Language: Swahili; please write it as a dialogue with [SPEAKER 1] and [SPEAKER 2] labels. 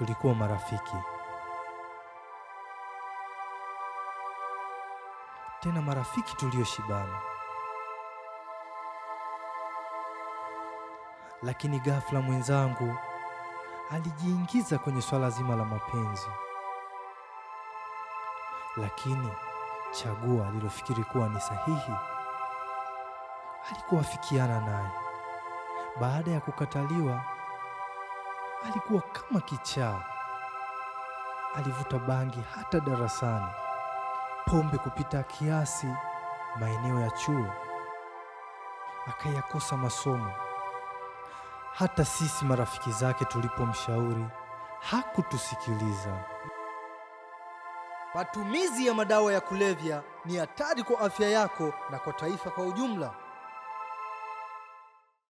[SPEAKER 1] tulikuwa marafiki, tena marafiki tulioshibana. Lakini ghafla mwenzangu alijiingiza kwenye swala zima la mapenzi, lakini chagua alilofikiri kuwa ni sahihi alikuwafikiana naye baada ya kukataliwa alikuwa kama kichaa. Alivuta bangi hata darasani, pombe kupita kiasi, maeneo ya chuo, akayakosa masomo. Hata sisi marafiki zake tulipomshauri hakutusikiliza.
[SPEAKER 2] Matumizi ya madawa ya kulevya ni hatari kwa afya yako na kwa taifa kwa ujumla.